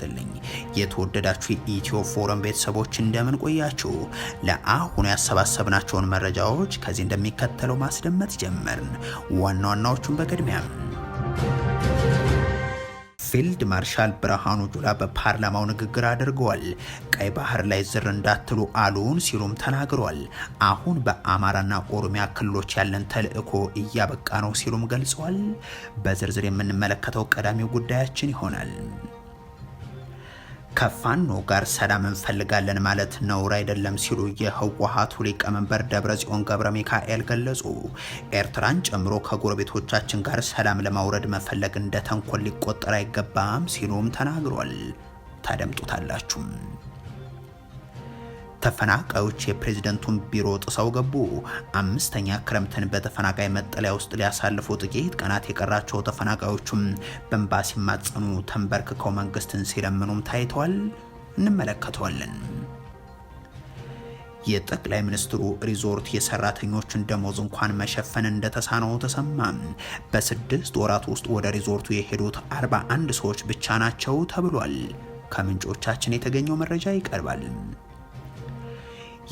ይስጥልኝ። የተወደዳችሁ የኢትዮ ፎረም ቤተሰቦች እንደምን ቆያችሁ? ለአሁኑ ያሰባሰብናቸውን መረጃዎች ከዚህ እንደሚከተለው ማስደመጥ ጀመርን። ዋና ዋናዎቹን በቅድሚያም ፊልድ ማርሻል ብርሃኑ ጁላ በፓርላማው ንግግር አድርገዋል። ቀይ ባህር ላይ ዝር እንዳትሉ አሉን ሲሉም ተናግሯል። አሁን በአማራና ኦሮሚያ ክልሎች ያለን ተልዕኮ እያበቃ ነው ሲሉም ገልጸዋል። በዝርዝር የምንመለከተው ቀዳሚው ጉዳያችን ይሆናል። ከፋኖ ጋር ሰላም እንፈልጋለን ማለት ነውር አይደለም ሲሉ የህወሓቱ ሊቀመንበር ደብረጽዮን ገብረ ሚካኤል ገለጹ። ኤርትራን ጨምሮ ከጎረቤቶቻችን ጋር ሰላም ለማውረድ መፈለግ እንደ ተንኮል ሊቆጠር አይገባም ሲሉም ተናግሯል። ታደምጡታላችሁም። ተፈናቃዮች የፕሬዝደንቱን ቢሮ ጥሰው ገቡ። አምስተኛ ክረምትን በተፈናቃይ መጠለያ ውስጥ ሊያሳልፉ ጥቂት ቀናት የቀራቸው ተፈናቃዮቹም በእንባ ሲማጸኑ ተንበርክከው መንግስትን ሲለምኑም ታይተዋል። እንመለከተዋለን። የጠቅላይ ሚኒስትሩ ሪዞርት የሰራተኞችን ደሞዝ እንኳን መሸፈን እንደተሳነው ተሰማ። በስድስት ወራት ውስጥ ወደ ሪዞርቱ የሄዱት 41 ሰዎች ብቻ ናቸው ተብሏል። ከምንጮቻችን የተገኘው መረጃ ይቀርባል።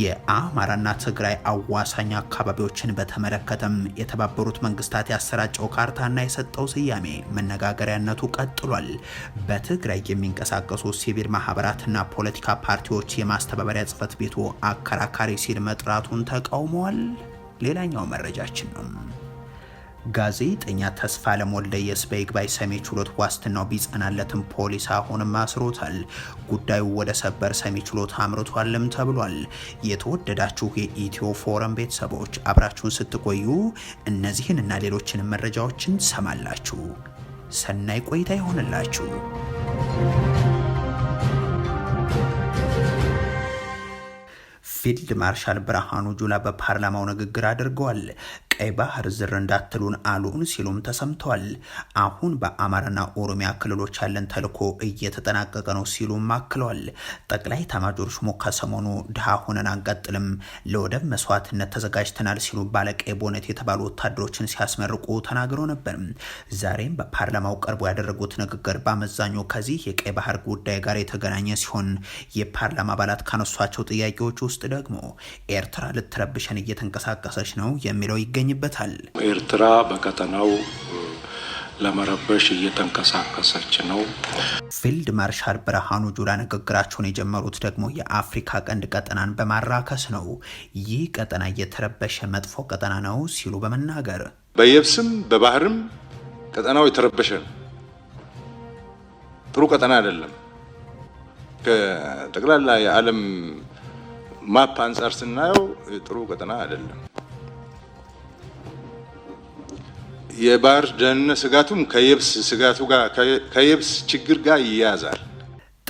የአማራና ትግራይ አዋሳኝ አካባቢዎችን በተመለከተም የተባበሩት መንግስታት ያሰራጨው ካርታና የሰጠው ስያሜ መነጋገሪያነቱ ቀጥሏል። በትግራይ የሚንቀሳቀሱ ሲቪል ማህበራትና ፖለቲካ ፓርቲዎች የማስተባበሪያ ጽህፈት ቤቱ አከራካሪ ሲል መጥራቱን ተቃውመዋል። ሌላኛው መረጃችን ነው። ጋዜጠኛ ተስፋለም ወልደየስ በይግባኝ ሰሚ ችሎት ዋስትናው ቢጸናለትም ፖሊስ አሁንም አስሮታል። ጉዳዩ ወደ ሰበር ሰሚ ችሎት አምርቷልም ተብሏል። የተወደዳችሁ የኢትዮ ፎረም ቤተሰቦች አብራችሁን ስትቆዩ እነዚህን እና ሌሎችንም መረጃዎችን ሰማላችሁ። ሰናይ ቆይታ ይሆንላችሁ። ፊልድ ማርሻል ብርሃኑ ጁላ በፓርላማው ንግግር አድርገዋል። ቀይ ባህር ዝር እንዳትሉን አሉን ሲሉም ተሰምተዋል። አሁን በአማራና ኦሮሚያ ክልሎች ያለን ተልዕኮ እየተጠናቀቀ ነው ሲሉም አክለዋል። ጠቅላይ ኤታማዦር ሹሙ ከሰሞኑ ድሃ ሆነን አንቀጥልም፣ ለወደብ መስዋዕትነት ተዘጋጅተናል ሲሉ ባለቀይ ቦነት የተባሉ ወታደሮችን ሲያስመርቁ ተናግረው ነበር። ዛሬም በፓርላማው ቀርቦ ያደረጉት ንግግር በአመዛኙ ከዚህ የቀይ ባህር ጉዳይ ጋር የተገናኘ ሲሆን የፓርላማ አባላት ካነሷቸው ጥያቄዎች ውስጥ ደግሞ ኤርትራ ልትረብሸን እየተንቀሳቀሰች ነው የሚለው ይገኛል። ይገኝበታል። ኤርትራ በቀጠናው ለመረበሽ እየተንቀሳቀሰች ነው። ፊልድ ማርሻል ብርሃኑ ጁላ ንግግራቸውን የጀመሩት ደግሞ የአፍሪካ ቀንድ ቀጠናን በማራከስ ነው። ይህ ቀጠና እየተረበሸ መጥፎ ቀጠና ነው ሲሉ በመናገር በየብስም በባህርም ቀጠናው የተረበሸ ነው። ጥሩ ቀጠና አይደለም። ከጠቅላላ የዓለም ማፕ አንጻር ስናየው ጥሩ ቀጠና አይደለም። የባህር ደህንነት ስጋቱም ከየብስ ስጋቱ ጋር ከየብስ ችግር ጋር ይያዛል።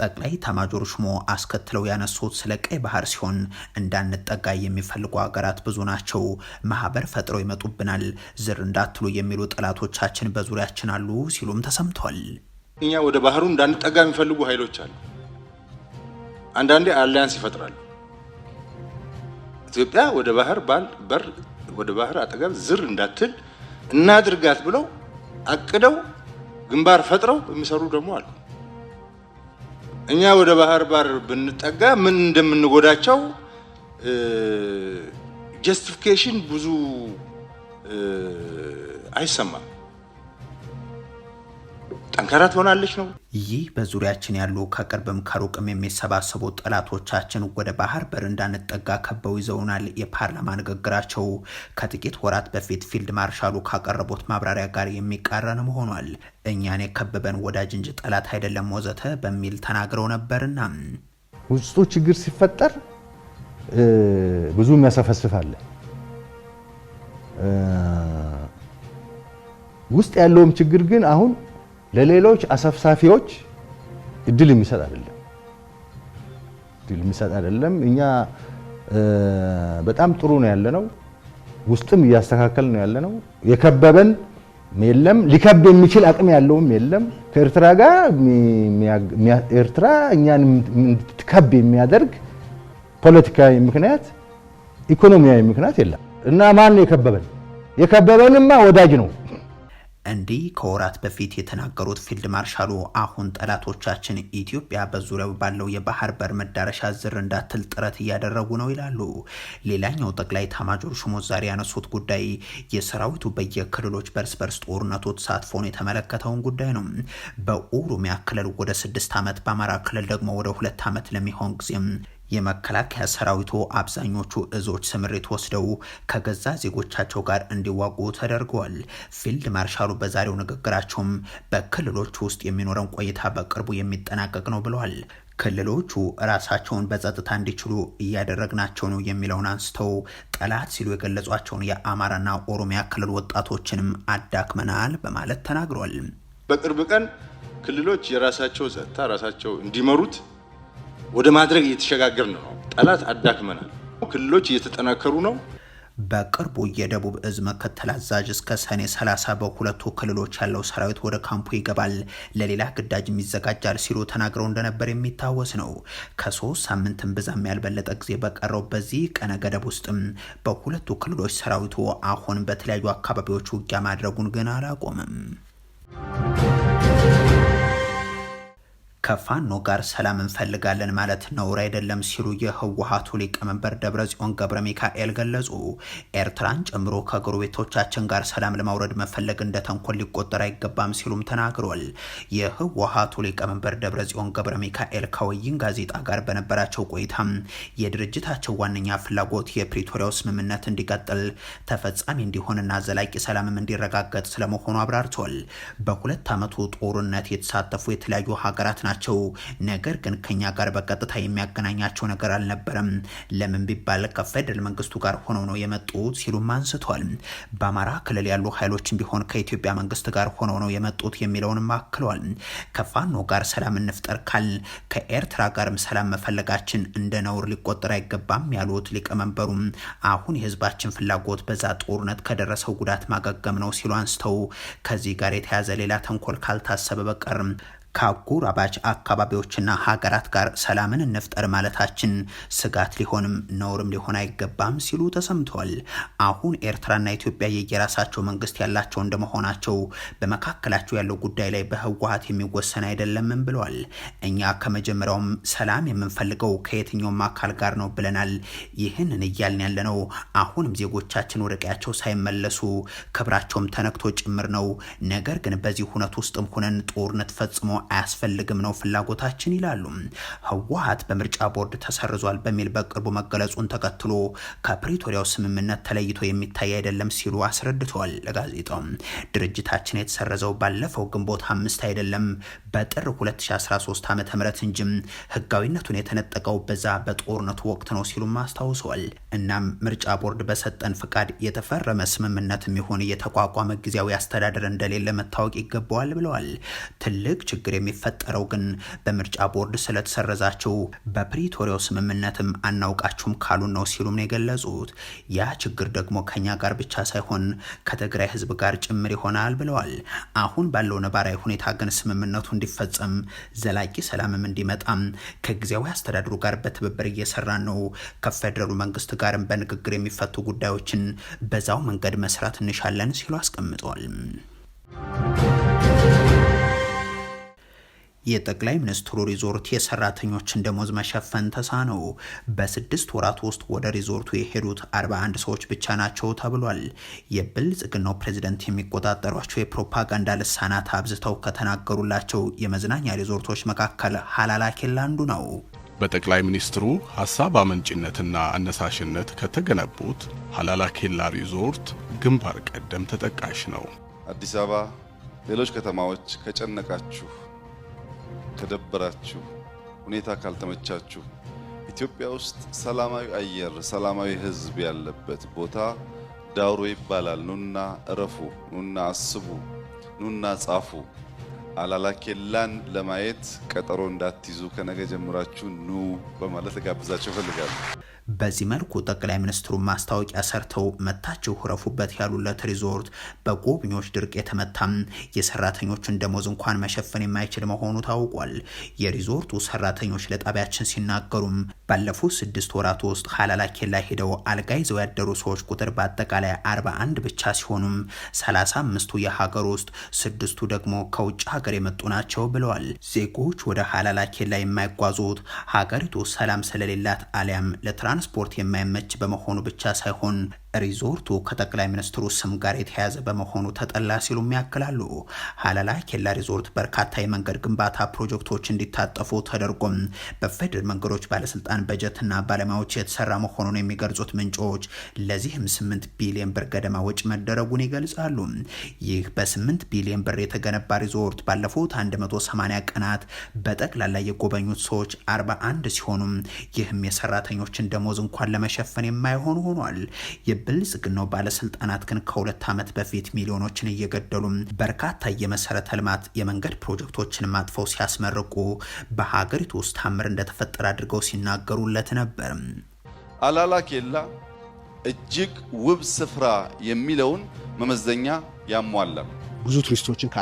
ጠቅላይ ኤታማዦር ሹሙ አስከትለው ያነሱት ስለ ቀይ ባህር ሲሆን እንዳንጠጋ የሚፈልጉ ሀገራት ብዙ ናቸው፣ ማህበር ፈጥረው ይመጡብናል፣ ዝር እንዳትሉ የሚሉ ጠላቶቻችን በዙሪያችን አሉ ሲሉም ተሰምቷል። እኛ ወደ ባህሩ እንዳንጠጋ የሚፈልጉ ኃይሎች አሉ። አንዳንዴ አሊያንስ ይፈጥራሉ። ኢትዮጵያ ወደ ባህር ባል በር ወደ ባህር አጠገብ ዝር እንዳትል እናድርጋት ብለው አቅደው ግንባር ፈጥረው የሚሰሩ ደግሞ አሉ። እኛ ወደ ባህር ባር ብንጠጋ ምን እንደምንጎዳቸው ጀስቲፊኬሽን ብዙ አይሰማም። ጠንካራ ትሆናለች ነው። ይህ በዙሪያችን ያሉ ከቅርብም ከሩቅም የሚሰባሰቡ ጠላቶቻችን ወደ ባህር በር እንዳንጠጋ ከበው ይዘውናል። የፓርላማ ንግግራቸው ከጥቂት ወራት በፊት ፊልድ ማርሻሉ ካቀረቡት ማብራሪያ ጋር የሚቃረን ሆኗል። እኛን የከበበን ወዳጅ እንጂ ጠላት አይደለም ወዘተ በሚል ተናግረው ነበርና ውስጡ ችግር ሲፈጠር ብዙ የሚያሰፈስፋለ ውስጥ ያለውም ችግር ግን አሁን ለሌሎች አሰብሳፊዎች እድል የሚሰጥ አይደለም። እድል የሚሰጥ አይደለም። እኛ በጣም ጥሩ ነው ያለነው፣ ውስጥም እያስተካከል ነው ያለነው። የከበበን የለም፣ ሊከብ የሚችል አቅም ያለውም የለም። ከኤርትራ ጋር ኤርትራ እኛን እንድትከብ የሚያደርግ ፖለቲካዊ ምክንያት፣ ኢኮኖሚያዊ ምክንያት የለም እና ማን ነው የከበበን? የከበበንማ ወዳጅ ነው እንዲህ ከወራት በፊት የተናገሩት ፊልድ ማርሻሉ አሁን ጠላቶቻችን ኢትዮጵያ በዙሪያው ባለው የባህር በር መዳረሻ ዝር እንዳትል ጥረት እያደረጉ ነው ይላሉ። ሌላኛው ጠቅላይ ታማጆር ሹሙ ዛሬ ያነሱት ጉዳይ የሰራዊቱ በየክልሎች በርስ በርስ ጦርነቱ ተሳትፎን የተመለከተውን ጉዳይ ነው። በኦሮሚያ ክልል ወደ ስድስት ዓመት በአማራ ክልል ደግሞ ወደ ሁለት ዓመት ለሚሆን ጊዜም የመከላከያ ሰራዊቱ አብዛኞቹ እዞች ስምሪት ወስደው ከገዛ ዜጎቻቸው ጋር እንዲዋጉ ተደርገዋል። ፊልድ ማርሻሉ በዛሬው ንግግራቸውም በክልሎች ውስጥ የሚኖረን ቆይታ በቅርቡ የሚጠናቀቅ ነው ብለዋል። ክልሎቹ ራሳቸውን በጸጥታ እንዲችሉ እያደረግናቸው ነው የሚለውን አንስተው ጠላት ሲሉ የገለጿቸውን የአማራና ኦሮሚያ ክልል ወጣቶችንም አዳክመናል በማለት ተናግሯል። በቅርብ ቀን ክልሎች የራሳቸው ጸጥታ ራሳቸው እንዲመሩት ወደ ማድረግ እየተሸጋገር ነው። ጠላት አዳክመናል። ክልሎች እየተጠናከሩ ነው። በቅርቡ የደቡብ እዝ መከተል አዛዥ እስከ ሰኔ 30 በሁለቱ ክልሎች ያለው ሰራዊት ወደ ካምፑ ይገባል፣ ለሌላ ግዳጅም ይዘጋጃል ሲሉ ተናግረው እንደነበር የሚታወስ ነው። ከሶስት ሳምንትን ብዛም ያልበለጠ ጊዜ በቀረው በዚህ ቀነ ገደብ ውስጥም በሁለቱ ክልሎች ሰራዊቱ አሁን በተለያዩ አካባቢዎች ውጊያ ማድረጉን ግን አላቆምም። ከፋኖ ጋር ሰላም እንፈልጋለን ማለት ነውር አይደለም ሲሉ የህወሀቱ ሊቀመንበር ደብረጽዮን ገብረ ሚካኤል ገለጹ። ኤርትራን ጨምሮ ከጎረቤቶቻችን ጋር ሰላም ለማውረድ መፈለግ እንደ ተንኮል ሊቆጠር አይገባም ሲሉም ተናግሯል። የህወሀቱ ሊቀመንበር ደብረጽዮን ገብረ ሚካኤል ከወይን ጋዜጣ ጋር በነበራቸው ቆይታም የድርጅታቸው ዋነኛ ፍላጎት የፕሪቶሪያው ስምምነት እንዲቀጥል ተፈጻሚ እንዲሆንና ዘላቂ ሰላምም እንዲረጋገጥ ስለመሆኑ አብራርቷል። በሁለት ዓመቱ ጦርነት የተሳተፉ የተለያዩ ሀገራት ናቸው ናቸው። ነገር ግን ከኛ ጋር በቀጥታ የሚያገናኛቸው ነገር አልነበረም። ለምን ቢባል ከፌደራል መንግስቱ ጋር ሆነው ነው የመጡት ሲሉም አንስተዋል። በአማራ ክልል ያሉ ኃይሎችም ቢሆን ከኢትዮጵያ መንግስት ጋር ሆነው ነው የመጡት የሚለውንም አክለዋል። ከፋኖ ጋር ሰላም እንፍጠር ካል ከኤርትራ ጋርም ሰላም መፈለጋችን እንደ ነውር ሊቆጠር አይገባም ያሉት ሊቀመንበሩም አሁን የህዝባችን ፍላጎት በዛ ጦርነት ከደረሰው ጉዳት ማገገም ነው ሲሉ አንስተው ከዚህ ጋር የተያዘ ሌላ ተንኮል ካልታሰበ በቀርም ከአጎራባች አካባቢዎችና ሀገራት ጋር ሰላምን እንፍጠር ማለታችን ስጋት ሊሆንም ነውርም ሊሆን አይገባም ሲሉ ተሰምተዋል። አሁን ኤርትራና ኢትዮጵያ የየራሳቸው መንግስት ያላቸው እንደመሆናቸው በመካከላቸው ያለው ጉዳይ ላይ በህወሀት የሚወሰን አይደለምም ብለዋል። እኛ ከመጀመሪያውም ሰላም የምንፈልገው ከየትኛውም አካል ጋር ነው ብለናል። ይህንን እያልን ያለነው አሁንም ዜጎቻችን ወደ ቀያቸው ሳይመለሱ ክብራቸውም ተነክቶ ጭምር ነው። ነገር ግን በዚህ ሁነት ውስጥም ሁነን ጦርነት ፈጽሞ አያስፈልግም ነው ፍላጎታችን ይላሉ። ህወሀት በምርጫ ቦርድ ተሰርዟል በሚል በቅርቡ መገለጹን ተከትሎ ከፕሪቶሪያው ስምምነት ተለይቶ የሚታይ አይደለም ሲሉ አስረድተዋል ለጋዜጣው። ድርጅታችን የተሰረዘው ባለፈው ግንቦት አምስት አይደለም በጥር 2013 ዓ ም እንጂ ህጋዊነቱን የተነጠቀው በዛ በጦርነቱ ወቅት ነው ሲሉም አስታውሰዋል። እናም ምርጫ ቦርድ በሰጠን ፍቃድ የተፈረመ ስምምነት የሚሆን የተቋቋመ ጊዜያዊ አስተዳደር እንደሌለ መታወቅ ይገባዋል ብለዋል። ትልቅ ችግር የሚፈጠረው ግን በምርጫ ቦርድ ስለተሰረዛቸው በፕሪቶሪያው ስምምነትም አናውቃችሁም ካሉ ነው ሲሉም ነው የገለጹት። ያ ችግር ደግሞ ከኛ ጋር ብቻ ሳይሆን ከትግራይ ህዝብ ጋር ጭምር ይሆናል ብለዋል። አሁን ባለው ነባራዊ ሁኔታ ግን ስምምነቱ እንዲፈጸም ዘላቂ ሰላምም እንዲመጣም ከጊዜያዊ አስተዳደሩ ጋር በትብብር እየሰራ ነው። ከፌደራሉ መንግስት ጋርም በንግግር የሚፈቱ ጉዳዮችን በዛው መንገድ መስራት እንሻለን ሲሉ አስቀምጠዋል። የጠቅላይ ሚኒስትሩ ሪዞርት የሰራተኞችን ደሞዝ መሸፈን ተሳነው። በስድስት ወራት ውስጥ ወደ ሪዞርቱ የሄዱት 41 ሰዎች ብቻ ናቸው ተብሏል። የብልጽግናው ፕሬዚደንት የሚቆጣጠሯቸው የፕሮፓጋንዳ ልሳናት አብዝተው ከተናገሩላቸው የመዝናኛ ሪዞርቶች መካከል ሀላላ ኬላ አንዱ ነው። በጠቅላይ ሚኒስትሩ ሀሳብ አመንጭነትና አነሳሽነት ከተገነቡት ሀላላ ኬላ ሪዞርት ግንባር ቀደም ተጠቃሽ ነው። አዲስ አበባ፣ ሌሎች ከተማዎች ከጨነቃችሁ ከደበራችሁ፣ ሁኔታ ካልተመቻችሁ ኢትዮጵያ ውስጥ ሰላማዊ አየር፣ ሰላማዊ ህዝብ ያለበት ቦታ ዳውሮ ይባላል። ኑና እረፉ፣ ኑና አስቡ፣ ኑና ጻፉ። አላላኬላን ለማየት ቀጠሮ እንዳትይዙ ከነገ ጀምራችሁ ኑ በማለት ልጋብዛቸው እፈልጋለሁ። በዚህ መልኩ ጠቅላይ ሚኒስትሩ ማስታወቂያ ሰርተው መታቸው ሁረፉበት ያሉለት ሪዞርት በጎብኚዎች ድርቅ የተመታም የሰራተኞቹን ደሞዝ እንኳን መሸፈን የማይችል መሆኑ ታውቋል። የሪዞርቱ ሰራተኞች ለጣቢያችን ሲናገሩም ባለፉት ስድስት ወራት ውስጥ ሀላላ ኬላ ሄደው አልጋ ይዘው ያደሩ ሰዎች ቁጥር በአጠቃላይ 41 ብቻ ሲሆኑም 35ቱ የሀገር ውስጥ ስድስቱ ደግሞ ከውጭ ሀገር የመጡ ናቸው ብለዋል። ዜጎች ወደ ሀላላ ኬላ የማይጓዙት ሀገሪቱ ሰላም ስለሌላት አሊያም ለትራ ለትራንስፖርት የማይመች በመሆኑ ብቻ ሳይሆን ሪዞርቱ ከጠቅላይ ሚኒስትሩ ስም ጋር የተያያዘ በመሆኑ ተጠላ ሲሉም ያክላሉ። ሀላላ ኬላ ሪዞርት በርካታ የመንገድ ግንባታ ፕሮጀክቶች እንዲታጠፉ ተደርጎም በፌደራል መንገዶች ባለስልጣን በጀትና ባለሙያዎች የተሰራ መሆኑን የሚገልጹት ምንጮች ለዚህም 8 ቢሊዮን ብር ገደማ ወጪ መደረጉን ይገልጻሉ። ይህ በ8 ቢሊዮን ብር የተገነባ ሪዞርት ባለፉት 180 ቀናት በጠቅላላ የጎበኙት ሰዎች 41 ሲሆኑም ይህም የሰራተኞችን ደሞዝ እንኳን ለመሸፈን የማይሆን ሆኗል። የብልጽግናው ባለስልጣናት ግን ከሁለት ዓመት በፊት ሚሊዮኖችን እየገደሉ በርካታ የመሰረተ ልማት የመንገድ ፕሮጀክቶችን ማጥፈው ሲያስመርቁ በሀገሪቱ ውስጥ ታምር እንደተፈጠረ አድርገው ሲናገሩለት ነበር። አላላኬላ እጅግ ውብ ስፍራ የሚለውን መመዘኛ ያሟላል። ብዙ ቱሪስቶችን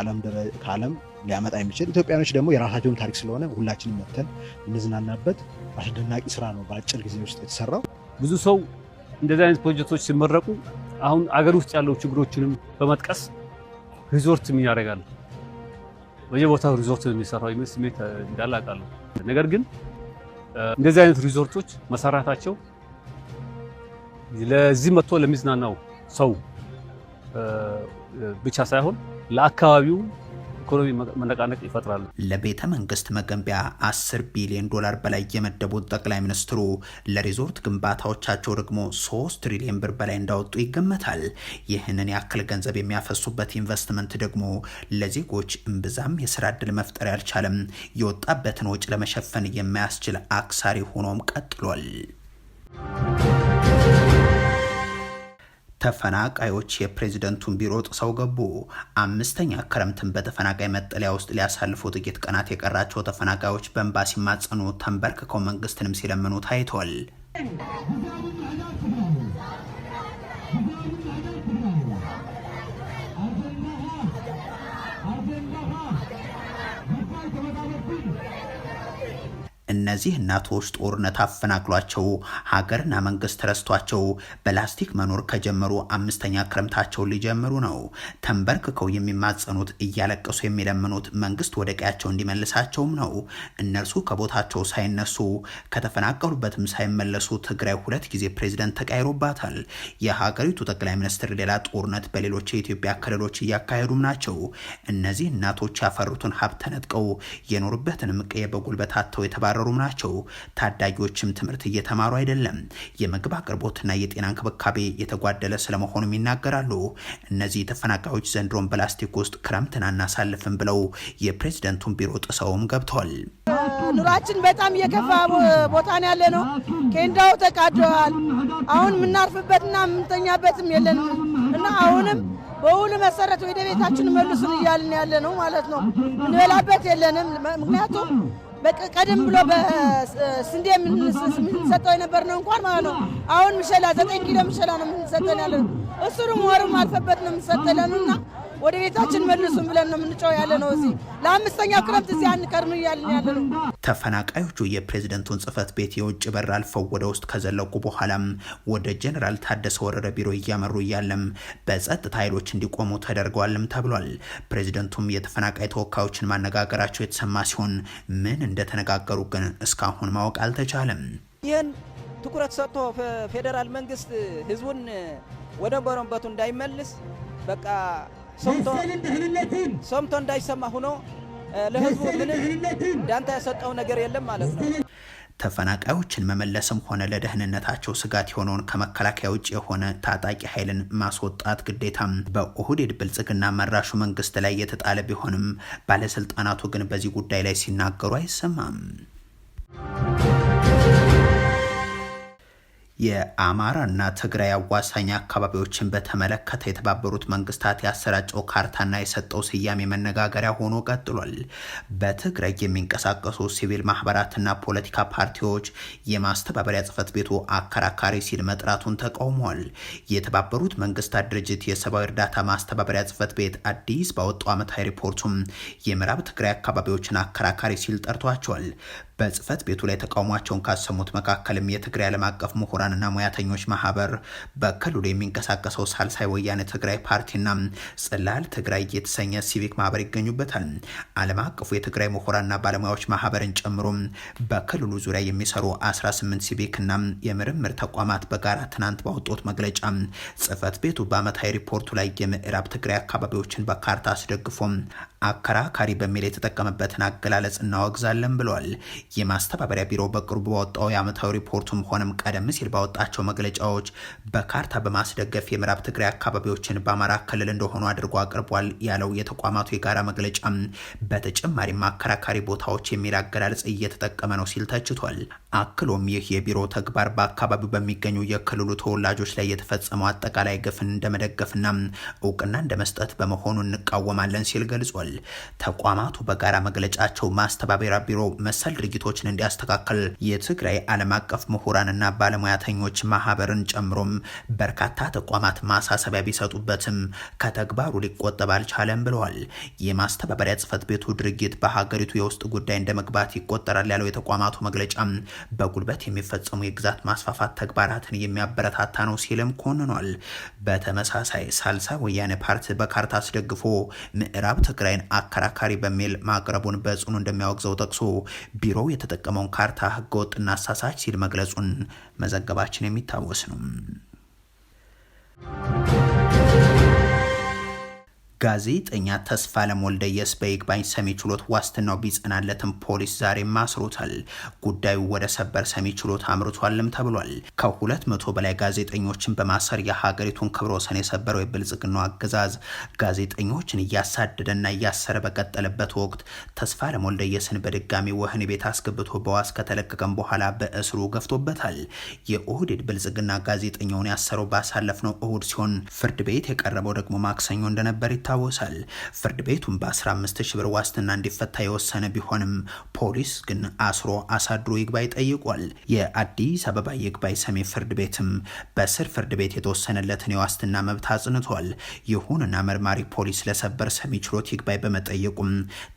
ከዓለም ሊያመጣ የሚችል ኢትዮጵያኖች ደግሞ የራሳቸውን ታሪክ ስለሆነ ሁላችንም መተን እንዝናናበት አስደናቂ ስራ ነው በአጭር ጊዜ ውስጥ የተሰራው ብዙ ሰው እንደዚህ አይነት ፕሮጀክቶች ሲመረቁ አሁን አገር ውስጥ ያለው ችግሮችንም በመጥቀስ ሪዞርት ምን ያደርጋል በየቦታው ሪዞርት የሚሰራው የሚል ስሜት እንዳለ አውቃለሁ። ነገር ግን እንደዚህ አይነት ሪዞርቶች መሰራታቸው ለዚህ መጥቶ ለሚዝናናው ሰው ብቻ ሳይሆን ለአካባቢው ኢኮኖሚ መነቃነቅ ይፈጥራል። ለቤተ መንግስት መገንቢያ 10 ቢሊዮን ዶላር በላይ የመደቡት ጠቅላይ ሚኒስትሩ ለሪዞርት ግንባታዎቻቸው ደግሞ 3 ትሪሊዮን ብር በላይ እንዳወጡ ይገመታል። ይህንን ያክል ገንዘብ የሚያፈሱበት ኢንቨስትመንት ደግሞ ለዜጎች እምብዛም የስራ እድል መፍጠር ያልቻለም የወጣበትን ወጪ ለመሸፈን የማያስችል አክሳሪ ሆኖም ቀጥሏል። ተፈናቃዮች የፕሬዝደንቱን ቢሮ ጥሰው ገቡ። አምስተኛ ክረምትን በተፈናቃይ መጠለያ ውስጥ ሊያሳልፉ ጥቂት ቀናት የቀራቸው ተፈናቃዮች በእንባ ሲማጸኑ፣ ተንበርክከው መንግስትንም ሲለምኑ ታይቷል። እነዚህ እናቶች ጦርነት አፈናቅሏቸው ሀገርና መንግስት ተረስቷቸው በላስቲክ መኖር ከጀመሩ አምስተኛ ክረምታቸውን ሊጀምሩ ነው። ተንበርክከው የሚማጸኑት እያለቀሱ የሚለምኑት መንግስት ወደ ቀያቸው እንዲመልሳቸውም ነው። እነርሱ ከቦታቸው ሳይነሱ ከተፈናቀሉበትም ሳይመለሱ ትግራይ ሁለት ጊዜ ፕሬዝደንት ተቀይሮባታል። የሀገሪቱ ጠቅላይ ሚኒስትር ሌላ ጦርነት በሌሎች የኢትዮጵያ ክልሎች እያካሄዱም ናቸው። እነዚህ እናቶች ያፈሩትን ሀብት ተነጥቀው የኖሩበትንም ቀዬ በጉልበት አጥተው የተባረሩ እየተማሩም ናቸው። ታዳጊዎችም ትምህርት እየተማሩ አይደለም። የምግብ አቅርቦትና የጤና እንክብካቤ የተጓደለ ስለመሆኑም ይናገራሉ። እነዚህ ተፈናቃዮች ዘንድሮን በላስቲክ ውስጥ ክረምትን አናሳልፍም ብለው የፕሬዝደንቱን ቢሮ ጥሰውም ገብተዋል። ኑራችን በጣም የከፋ ቦታ ነው ያለ ነው። ኬንዳው ተቃደዋል። አሁን የምናርፍበትና የምንተኛበትም የለንም እና አሁንም በሁሉ መሰረት ወደ ቤታችን መልሱን እያልን ያለ ነው ማለት ነው። እንበላበት የለንም ምክንያቱም ቀደም ብሎ በስንዴ የምንሰጠው የነበርነው እንኳን ማለት ነው። አሁን ምሸላ ዘጠኝ ኪሎ ምሸላ ነው የምንሰጠን ያለ እሱንም ወርም አልፈበት ነው የምንሰጠለን እና ወደ ቤታችን መልሱን ብለን ነው የምንጮህ ያለ ነው። እዚህ ለአምስተኛ ክረምት እዚህ አንቀርም እያልን ያለ ነው። ተፈናቃዮቹ የፕሬዝደንቱን ጽህፈት ቤት የውጭ በር አልፈው ወደ ውስጥ ከዘለቁ በኋላም ወደ ጀኔራል ታደሰ ወረደ ቢሮ እያመሩ እያለም በጸጥታ ኃይሎች እንዲቆሙ ተደርገዋልም ተብሏል። ፕሬዝደንቱም የተፈናቃይ ተወካዮችን ማነጋገራቸው የተሰማ ሲሆን ምን እንደተነጋገሩ ግን እስካሁን ማወቅ አልተቻለም። ይህን ትኩረት ሰጥቶ ፌዴራል መንግስት ህዝቡን ወደ ነበረበት እንዳይመልስ በቃ ሰምቶን ሰምቶ እንዳይሰማ ሆኖ ለህዝቡ ምንም እንዳንተ ያሰጠው ነገር የለም ማለት ነው። ተፈናቃዮችን መመለስም ሆነ ለደህንነታቸው ስጋት የሆነውን ከመከላከያ ውጭ የሆነ ታጣቂ ኃይልን ማስወጣት ግዴታም በኦህዴድ ብልጽግና መራሹ መንግስት ላይ የተጣለ ቢሆንም ባለስልጣናቱ ግን በዚህ ጉዳይ ላይ ሲናገሩ አይሰማም። የአማራና ትግራይ አዋሳኝ አካባቢዎችን በተመለከተ የተባበሩት መንግስታት ያሰራጨው ካርታና የሰጠው ስያሜ መነጋገሪያ ሆኖ ቀጥሏል። በትግራይ የሚንቀሳቀሱ ሲቪል ማህበራትና ፖለቲካ ፓርቲዎች የማስተባበሪያ ጽህፈት ቤቱ አከራካሪ ሲል መጥራቱን ተቃውሟል። የተባበሩት መንግስታት ድርጅት የሰብአዊ እርዳታ ማስተባበሪያ ጽህፈት ቤት አዲስ ባወጣው ዓመታዊ ሪፖርቱም የምዕራብ ትግራይ አካባቢዎችን አከራካሪ ሲል ጠርቷቸዋል። በጽህፈት ቤቱ ላይ ተቃውሟቸውን ካሰሙት መካከልም የትግራይ ዓለም አቀፍ ምሁራንና ሙያተኞች ማህበር በክልሉ የሚንቀሳቀሰው ሳልሳይ ወያነ ትግራይ ፓርቲና ጽላል ትግራይ የተሰኘ ሲቪክ ማህበር ይገኙበታል። ዓለም አቀፉ የትግራይ ምሁራንና ባለሙያዎች ማህበርን ጨምሮ በክልሉ ዙሪያ የሚሰሩ 18 ሲቪክና የምርምር ተቋማት በጋራ ትናንት ባወጡት መግለጫ ጽህፈት ቤቱ በአመታዊ ሪፖርቱ ላይ የምዕራብ ትግራይ አካባቢዎችን በካርታ አስደግፎ አከራካሪ በሚል የተጠቀመበትን አገላለጽ እናወግዛለን ብለዋል። የማስተባበሪያ ቢሮ በቅርቡ በወጣው የአመታዊ ሪፖርቱም ሆነም ቀደም ሲል ባወጣቸው መግለጫዎች በካርታ በማስደገፍ የምዕራብ ትግራይ አካባቢዎችን በአማራ ክልል እንደሆኑ አድርጎ አቅርቧል ያለው የተቋማቱ የጋራ መግለጫ በተጨማሪም አከራካሪ ቦታዎች የሚል አገላለጽ እየተጠቀመ ነው ሲል ተችቷል። አክሎም ይህ የቢሮ ተግባር በአካባቢው በሚገኙ የክልሉ ተወላጆች ላይ የተፈጸመው አጠቃላይ ግፍን እንደመደገፍና እውቅና እንደመስጠት በመሆኑ እንቃወማለን ሲል ገልጿል። ተቋማቱ በጋራ መግለጫቸው ማስተባበሪያ ቢሮ መሰል ድርጊ ድርጊቶችን እንዲያስተካከል የትግራይ ዓለም አቀፍ ምሁራንና ባለሙያተኞች ማህበርን ጨምሮም በርካታ ተቋማት ማሳሰቢያ ቢሰጡበትም ከተግባሩ ሊቆጠብ አልቻለም ብለዋል። የማስተባበሪያ ጽህፈት ቤቱ ድርጊት በሀገሪቱ የውስጥ ጉዳይ እንደ መግባት ይቆጠራል ያለው የተቋማቱ መግለጫ በጉልበት የሚፈጸሙ የግዛት ማስፋፋት ተግባራትን የሚያበረታታ ነው ሲልም ኮንኗል። በተመሳሳይ ሳልሳ ወያነ ፓርቲ በካርታ አስደግፎ ምዕራብ ትግራይን አከራካሪ በሚል ማቅረቡን በጽኑ እንደሚያወግዘው ጠቅሶ ቢሮ ጨምሮ የተጠቀመውን ካርታ ህገወጥና አሳሳች ሲል መግለጹን መዘገባችን የሚታወስ ነው። ጋዜጠኛ ተስፋለም ወልደየስ በይግባኝ ሰሚ ችሎት ዋስትናው ቢጸናለትም ፖሊስ ዛሬ ማስሮታል። ጉዳዩ ወደ ሰበር ሰሚ ችሎት አምርቷልም ተብሏል። ከሁለት መቶ በላይ ጋዜጠኞችን በማሰር የሀገሪቱን ክብረ ወሰን የሰበረው የብልጽግናው አገዛዝ ጋዜጠኞችን እያሳደደና እያሰረ በቀጠለበት ወቅት ተስፋለም ወልደየስን በድጋሚ ወህኒ ቤት አስገብቶ በዋስ ከተለቀቀም በኋላ በእስሩ ገፍቶበታል። የኦህዴድ ብልጽግና ጋዜጠኛውን ያሰረው ባሳለፍነው እሁድ ሲሆን ፍርድ ቤት የቀረበው ደግሞ ማክሰኞ እንደነበር ይታወሳል። ፍርድ ቤቱም በ15 ሺ ብር ዋስትና እንዲፈታ የወሰነ ቢሆንም ፖሊስ ግን አስሮ አሳድሮ ይግባይ ጠይቋል። የአዲስ አበባ ይግባይ ሰሚ ፍርድ ቤትም በስር ፍርድ ቤት የተወሰነለትን የዋስትና መብት አጽንቷል። ይሁንና መርማሪ ፖሊስ ለሰበር ሰሚ ችሎት ይግባይ በመጠየቁም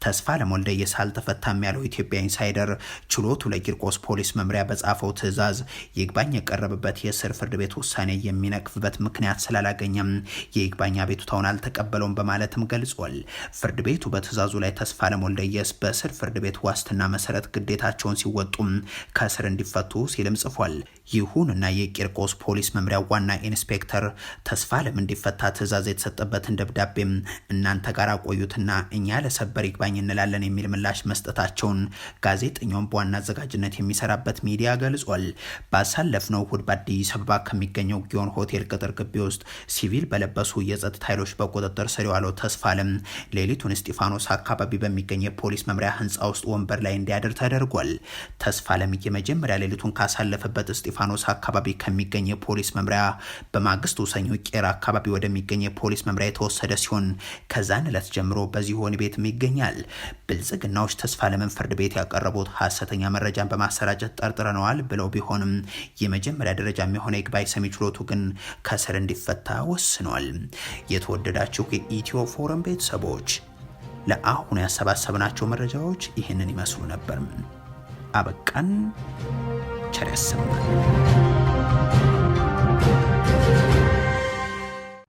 ተስፋ ለሞልደየስ አልተፈታም ያለው ኢትዮጵያ ኢንሳይደር ችሎቱ ለቂርቆስ ፖሊስ መምሪያ በጻፈው ትዕዛዝ ይግባኝ የቀረበበት የስር ፍርድ ቤት ውሳኔ የሚነቅፍበት ምክንያት ስላላገኘም የይግባኝ አቤቱታውን አልተቀበለውም በማለትም ገልጿል። ፍርድ ቤቱ በትዕዛዙ ላይ ተስፋለም ወልደየስ በስር ፍርድ ቤት ዋስትና መሰረት ግዴታቸውን ሲወጡም ከስር እንዲፈቱ ሲልም ጽፏል። ይሁንና የቂርቆስ ፖሊስ መምሪያ ዋና ኢንስፔክተር ተስፋለም እንዲፈታ ትዕዛዝ የተሰጠበትን ደብዳቤም እናንተ ጋር አቆዩትና እኛ ለሰበር ይግባኝ እንላለን የሚል ምላሽ መስጠታቸውን ጋዜጠኛውም በዋና አዘጋጅነት የሚሰራበት ሚዲያ ገልጿል። ባሳለፍነው እሁድ በአዲስ አበባ ከሚገኘው ጊዮን ሆቴል ቅጥር ግቢ ውስጥ ሲቪል በለበሱ የጸጥታ ኃይሎች በቁጥጥር ስር የዋለው ተስፋ አለም ሌሊቱን እስጢፋኖስ አካባቢ በሚገኝ የፖሊስ መምሪያ ህንፃ ውስጥ ወንበር ላይ እንዲያድር ተደርጓል። ተስፋ አለም የመጀመሪያ ሌሊቱን ካሳለፈበት እስጢፋኖስ አካባቢ ከሚገኝ የፖሊስ መምሪያ በማግስቱ ሰኞ ቄራ አካባቢ ወደሚገኝ የፖሊስ መምሪያ የተወሰደ ሲሆን ከዛን ዕለት ጀምሮ በዚህ ወህኒ ቤትም ይገኛል። ብልጽግናዎች ተስፋ አለምን ፍርድ ቤት ያቀረቡት ሀሰተኛ መረጃን በማሰራጨት ጠርጥረነዋል ብለው ቢሆንም የመጀመሪያ ደረጃ የሚሆነ ይግባኝ ሰሚ ችሎቱ ግን ከስር እንዲፈታ ወስኗል። የተወደዳችሁ የኢትዮ ፎረም ቤተሰቦች ለአሁን ያሰባሰብናቸው መረጃዎች ይህንን ይመስሉ ነበርም። አበቃን። ቸር ያሰማን።